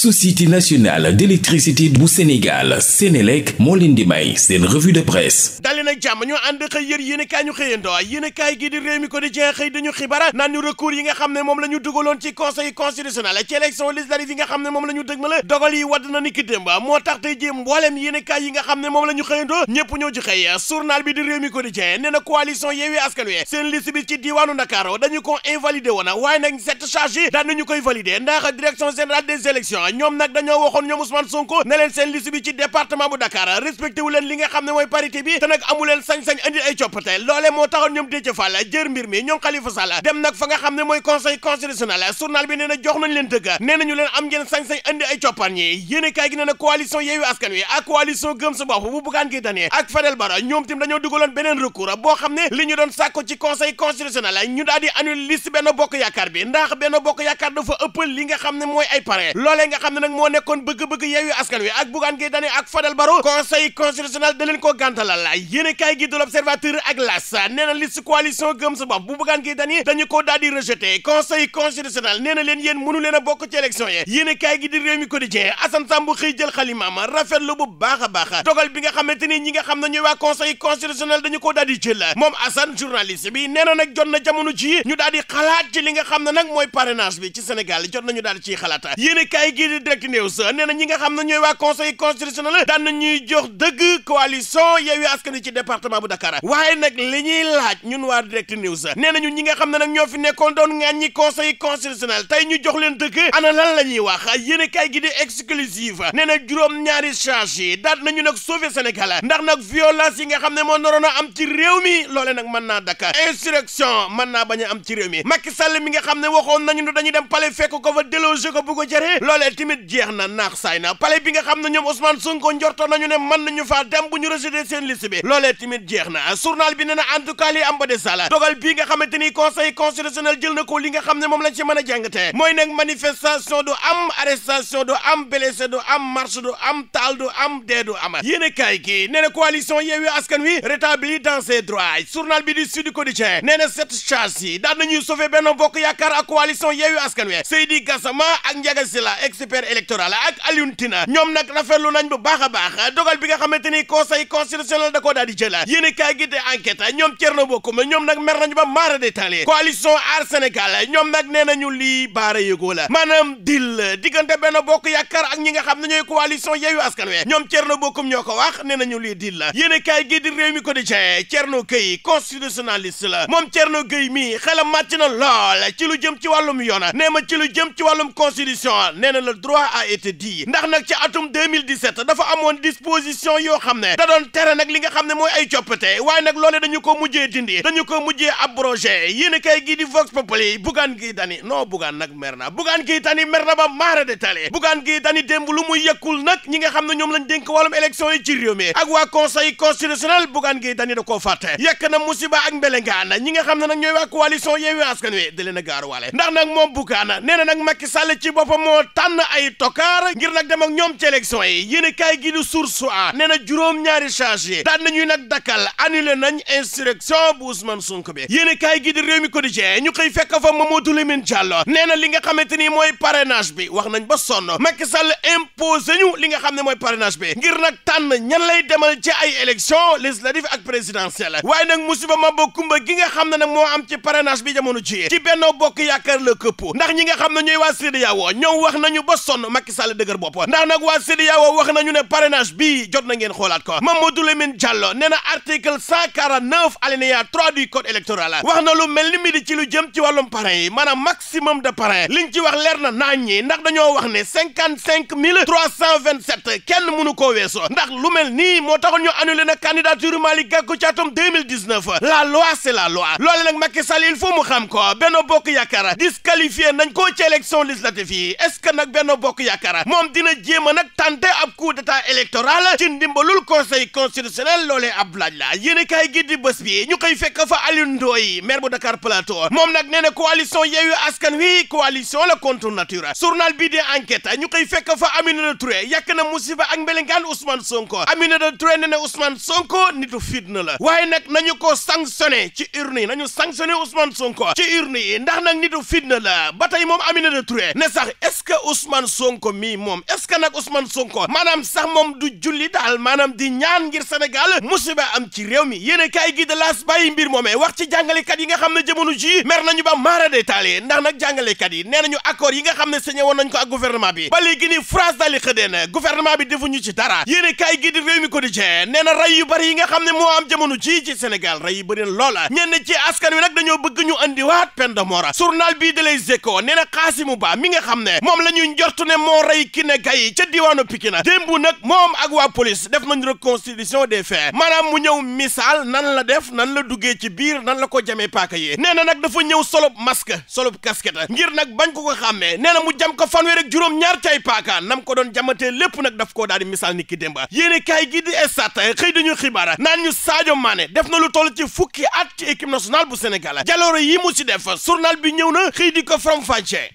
société nationale d'électricité bu Sénégal Sénélec moo leen di may seen revue de presse dali jàmm ñu ànd xëy yër yéen ñu xëyandoo yéen gi di réew mi ko di jeex xëy dañu xibaar naan recours yi nga xam ne moom la ñu dugaloon ci conseil constitutionnel ci élection législative yi nga xam ne moom la ñu dogal yi wadd na ni démb moo tax tey ji mbooleem yéen yi nga xam ne moom la ñu xëyandoo ñëpp ñoo ci xëy journal bi di réew ñoom nag dañoo waxoon ñoom Ousmane Sonko ne leen seen liste bi ci département bu Dakar respecté leen li nga xam ne mooy parité bi te nag amu leen sañ-sañ andi ay coppite loole moo taxoon ñoom Déthié Fall jër mbir mi ñoom Khalifa Sall dem nga xam ne mooy conseil constitutionnel journal bi jox nañ leen dëgg nee nañu leen am ngeen sañ-sañ andi ay coppaan yi yéene kaay gi nee na coalition Yewwi Askan Wi ak coalition Gëm Sa Bopp bu Bougane Gueye Dany ak Fadel Barro ñoom tim dañoo dugaloon beneen recours boo xam ne li ñu doon sàkko ci conseil constitutionnel ñu daal di annulé liste Benno Bokk Yaakaar bi ndax benn Bokk Yaakaar dafa ëppal li nga xam ne mooy ay parrain loolee nga xam na nag moo nekkoon bëgg-bëgg Yewwi Askan Wi ak Bougane Gueye Dany ak Fadel Barro conseil constitutionnel da leen koo gàntalal yéene kaay gi l'Observateur ak L'As nee na liste gëm sa bu Bougane Gueye Dany dañu koo daal di rejeté conseil constitutionnel leen yéen mënu leen bokk ci élection yi yéene kaay gi di Rewmi Quotidien Assane Samb xëy jël xalimaam rafetlu bu baax baax dogal bi nga xamante ni ñi nga xam ne ñooy waa conseil na nag jot na jamono ji ñu daal di nga xam ne nag mooy parrainage bi ci Sénégal jot nañu daal di di Direct News nee na ñi nga xam ne ñooy waa conseil constitutionnel daan na ñuy jox dëgg coalition Yewwi Askan Wi ci département bu Dakar waaye nag li ñuy laaj ñun waa Direct News nee nañu ñi nga xam ne nag ñoo fi nekkoon doon ŋàññi conseil constitutionnel tey ñu jox leen dëgg ana lan la ñuy wax yéen kay gi di exclusive nee na juróom-ñaari charge yi daat nañu nag sauver Sénégal ndax nag violence yi nga xam ne moo naroon a am ci réew mi loole nag mën naa Dakar insurrection mën naa bañ a am ci réew mi Macky Sall mi nga xam ne waxoon nañu ne dem palais tamit jeex na naax saay na palais bi xam ne ñoom Ousmane Sonko njorto nañu ne mën nañu faa dem bu ñu rejeté seen liste bi loolee tamit jeex na journal bi nee na am ba des dogal bi nga xamante ni conseil constitutionnel jël na ko nga xam ne moom lañ ci mën a jàngatee mooy nag manifestation du am arrestation du am blessé du am marche du am taal du am dee du am yéen a kaay gi nee na Askan Wi rétabli dans ses droits bi yi super électoral ak Alioune Tine ñoom nag rafetlu nañ bu baax a baax dogal bi nga xamante ni conseil constitutionnel da koo daal di jëla yéen i kaay gi de enquête ñoom Thierno ñoom nag mer nañu ba maara détaillé coalition Aar Sénégal ñoom nag nee nañu lii baara yëgoo la maanaam dil diggante benn bokk yaakaar ak ñi nga xam ne ñooy coalition Yewwi Askan Wi ñoom Thierno Bocoum ñoo ko wax nee nañu lii dil la yéen i kaay gi di réew mi ko di jee Thierno Gueye constitutionnaliste la moom na lool ci lu jëm ci wàllum yoon nee droit a été dit ndax nag ci atum 2017 dafa moon disposition yoo xam ne da doon tere nag li nga xam ne mooy ay coppite waay nag loole dañu ko jee dindi dañu ko mujjee abrogé yéen a kay gii di Vox Populi Bougane Gueye Dany non nag mer na Bougane Gueye ba maara de tale Bougane Gueye Dany démb lu nag ñi nga xam ne ñoom la dénk wàllum élection yi ci réew mi waa conseil constitutionnel Bougane Gueye da koo fàtte yekk na musiba nga xam ne nag ñooy waa coalition Yewwi Askan a gaaruwaale ndax na nag Macky Sall ci boppam ay tokaar ngir nag dem ak ñoom ci élection yi yéen kaay gi di source a nee na juróom-ñaari chargé daan nañuy nag dakkal annulé nañ insurrection bu Ousmane Sonko bi yéen kaay gi di réew mi quotidien ñu koy fekk fa Mamadou Lamine Diallo nee na li nga xamante ni mooy parrainage bi wax nañ ba sonn Macky Sall imposé ñu li nga xam ne mooy parrainage bi ngir nag tànn ñan lay demal ci ay élection législative ak présidentielle waaye nag musiba maba kumba gi nga xam ne nag moo am ci parrainage bi jamono ci Benno Bokk Yaakaar këpp ndax ñi nga xam ne ñooy waa CEDEAO ñoom wax nañu ba sonn Macky Sall dëgër bopp ndax nag waa CEDEAO wax nañu ne parrainage bii jot na ngeen xoolaat ko Mamadou Lamine Diallo nee na article 149 alinéa 3 du code électoral wax na lu mel ni mi di ci lu jëm ci wàllum parrain yi maanaam maximum de parrain liñ ci wax leer na naañ ñi ndax dañoo wax ne 55 327 kenn mënu koo weesoo ndax lu mel nii moo taxoon ñu annulé na candidature Malick Gakou ci atum 2019 la loi c'est la loi loole nag Macky Sall il faut mu xam ko Benno Bokk Yaakaar disqualifié nañ ko ci élection législative yi est-ce que nag Benno Bokk Yaakaar moom dina jéem a nag tenter ab coup d'état électoral ci ndimbalul conseil constitutionnel loolee ab laaj la yéen kaay gi di bés bi ñu koy fekk fa Alioune Ndoye maire bu Dakar Plateau moom nag nee na coalition Yewwi Askan Wi coalition la contre nature journal bii di enquête ñu koy fekk fa Aminata Touré yàq na musiba ak mbelengaan Ousmane Sonko Aminata Touré nee na Ousmane Sonko nitu fitna la waaye nag nañu ko sanctionné ci urne yi nañu sanctionné Ousmane Sonko ci urne yi ndax nag nitu la ba tey moom Aminata Touré Ousmane Sonko mii moom est ce que nag Ousmane Sonko maanaam sax moom du julli daal maanaam di ñaan ngir Sénégal musiba am ci réew mi yéen a kaay gi de laas bàyyi mbir moomee wax ci jàngale jàngalekat yi nga xam ne jamono ji mer nañu ba maara détaillé ndax nag jàngalekat yi nee nañu accord yi nga xam ne signé woon nañ ko ak gouvernement bi ba léegi ni France daal di xëddee na gouvernement bi ci dara yéen a kaay gi di réew mi quotidien nee na rey yu bëri yi nga xam ne moo am jamono ji ci Sénégal rey yu bëri loola ñenn ci askan wi nag dañoo bëgg ñu andiwaat peine de mort journal bii de Les Échos nee na Khassimou Ba mi nga xam ne moom la ñuy njortu ne moo rey ki ne gay ca diwaanu Pikine démb nag moom ak waa police def nañ reconstitution des faits maanaam mu ñëw misaal nan la def nan la duggee ci biir nan la ko jamee paaka yee nee na nag dafa ñëw solob masque solob casquette ngir nag bañ ko ko xàmmee nee na mu jam ko fanweer ak juróom ñaar cay paaka nam ko doon jamatee lépp nag daf koo daal di misaal ni ki démba yéene kaay gi di estat xëy dañu xibaara naan ñu saajo Mané def na lu toll ci fukki at ci équipe nationale bu Sénégal jaloore yi mu si def journal bi ñëw na xëy di ko faram-fàccee